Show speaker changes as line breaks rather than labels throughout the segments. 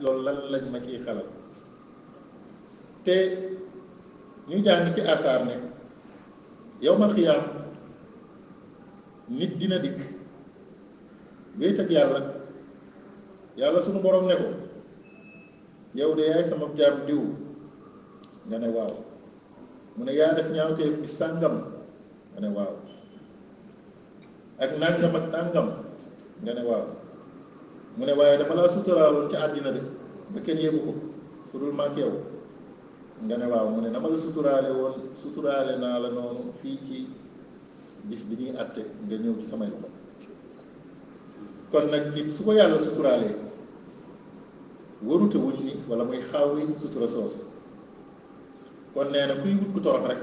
loolu lan lañ ma ciy xelal te ñu jàng ci asaar ne yow ma xiyaam nit dina dikk wéet ak yàlla yàlla sunu borom ne ko yow de yaay sama jaam diw nga ne waaw mu ne yaa def ñaawteef bi sàngam nga ne waaw ak nàngam ak nàngam nga ne waaw mu ne waaye dama laa suturaaloon ci àddina de ba kenn yëgu ko su dul màgg yow nga ne waaw mu ne dama la suturaale woon suturaale naa la noonu fii ci bis bi ñuy àtte nga ñëw ci samay kon nag nit su ko yàlla suturaalee warute wuñ ñi wala muy xaaw yi sutura soosu kon nee na kuy wut ku torox rek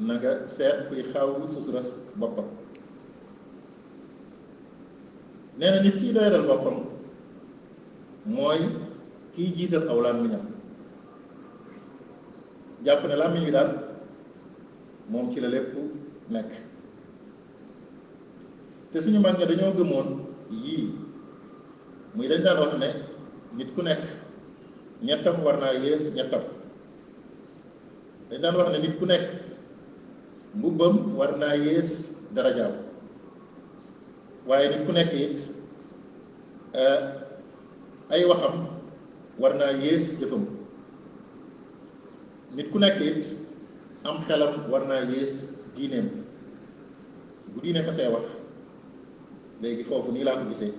na nga seet kuy xaaw sutura boppam nee na nit kiy doyadal boppam mooy kiy jiital aw làmmiñam jàpp ne làmmiñ bi daal moom ci la lépp nekk te suñu mag ñi dañoo gëmoon yii muy dañ daan wax ne nit ku nekk ñettam war naa yées ñettam dañ daan wax ne nit ku nekk mbubbam war naa yées darajaam waaye nit ku nekk it eh, ay waxam war naa yées jëfam nit ku nekk it am xelam war naa yées diineem bu diine xasee wax léegi foofu nii laa ko gisee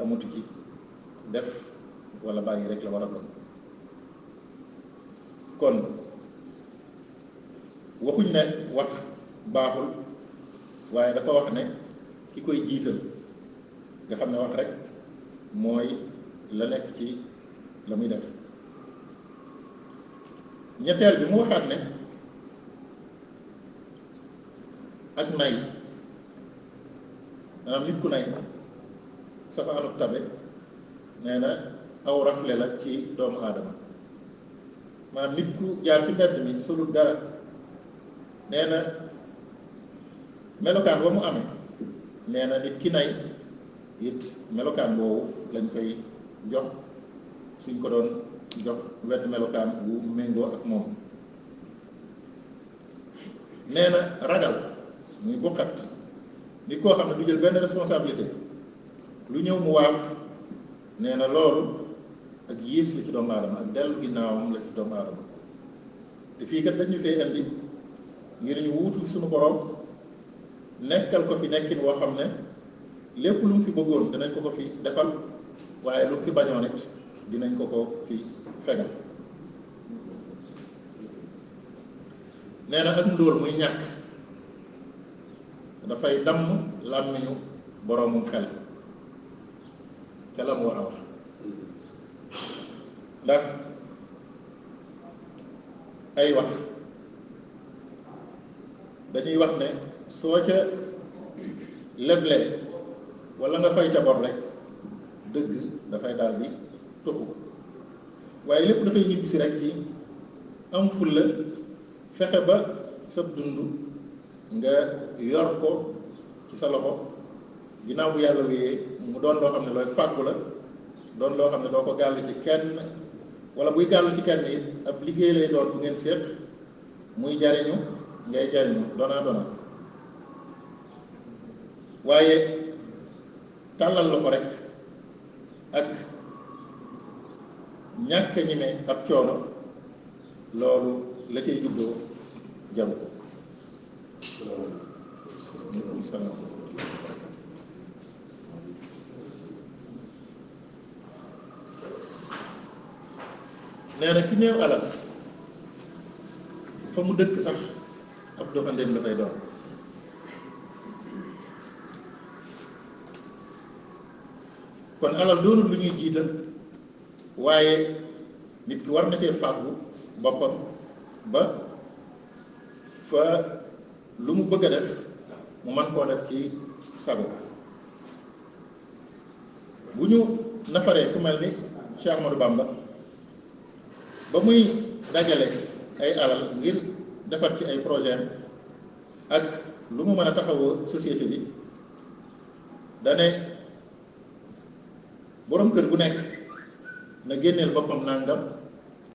amutu ci def walla bàyyi rek la war a doon kon waxuñ ne wax baaxul waaye dafa wax ne ki koy jiital nga xam ne wax rek mooy la nekk ci la muy def ñetteel bi mu waxaat ne ak nay maanaam nit ku nay safaanu tabe nee na aw rafle la ci doomu aadama maanaam nit ku jaar ci mbedd mi solul dara nee na melokaan ba mu amee nee na nit ki nay it melokaan boobu lañ koy jox suñ ko doon jox wenn melokaan bu méngoo ak moom nee na ragal muy buqat nit koo xam ne du jël benn responsabilité lu ñëw mu waaf nee na loolu ak yées la ci doomu aadama ak dellu ginnaawam la ci doomu aadama te fii kat dañu fee indi ngir ñu wuutu suñu borom nekkal ko fi nekkin woo xam ne lépp lu mu fi bëggoon dinañ ko ko fi defal waaye lu mu fi bañoon it dinañ ko ko fi fegal nee na ak ndóol muy ñàkk dafay damm làmmiñu boroomu xel ca la mu war a wax ndax ay wax dañuy wax ne soo ca leblee wala nga fay ca bor rek dëgg dafay daal bi tuxu waaye lépp dafay ñibbisi rek ci am fulla fexe ba sa dund nga yor ko ci sa loxo ginnaaw bu yàlla wéyee mu doon loo xam ne looy fàggu la doon loo xam ne doo ko gàll ci kenn wala buy gàll ci kenn it ab liggéey lay doon bu ngeen séq muy jariñu ngay jariñu doonaa doonaa waaye tàllal la ko rek ak ñàkk ne ab coono loolu la cay juddoo jabu ko aleykum salaam ki néew alal fa mu dëkk sax ab doxandéem la doon kon alal doonul lu ñuy jiital waaye nit ki war na cee fàggu boppam ba fa lu mu bëgg a def mu mën koo def ci sago bu ñu nafaree ku mel ni Cheikh Ahmadou Bamba ba muy dajale ay alal ngir defar ci ay projet ak lu mu mën a taxawoo société bi dane borom kër bu nekk na génneel boppam nangam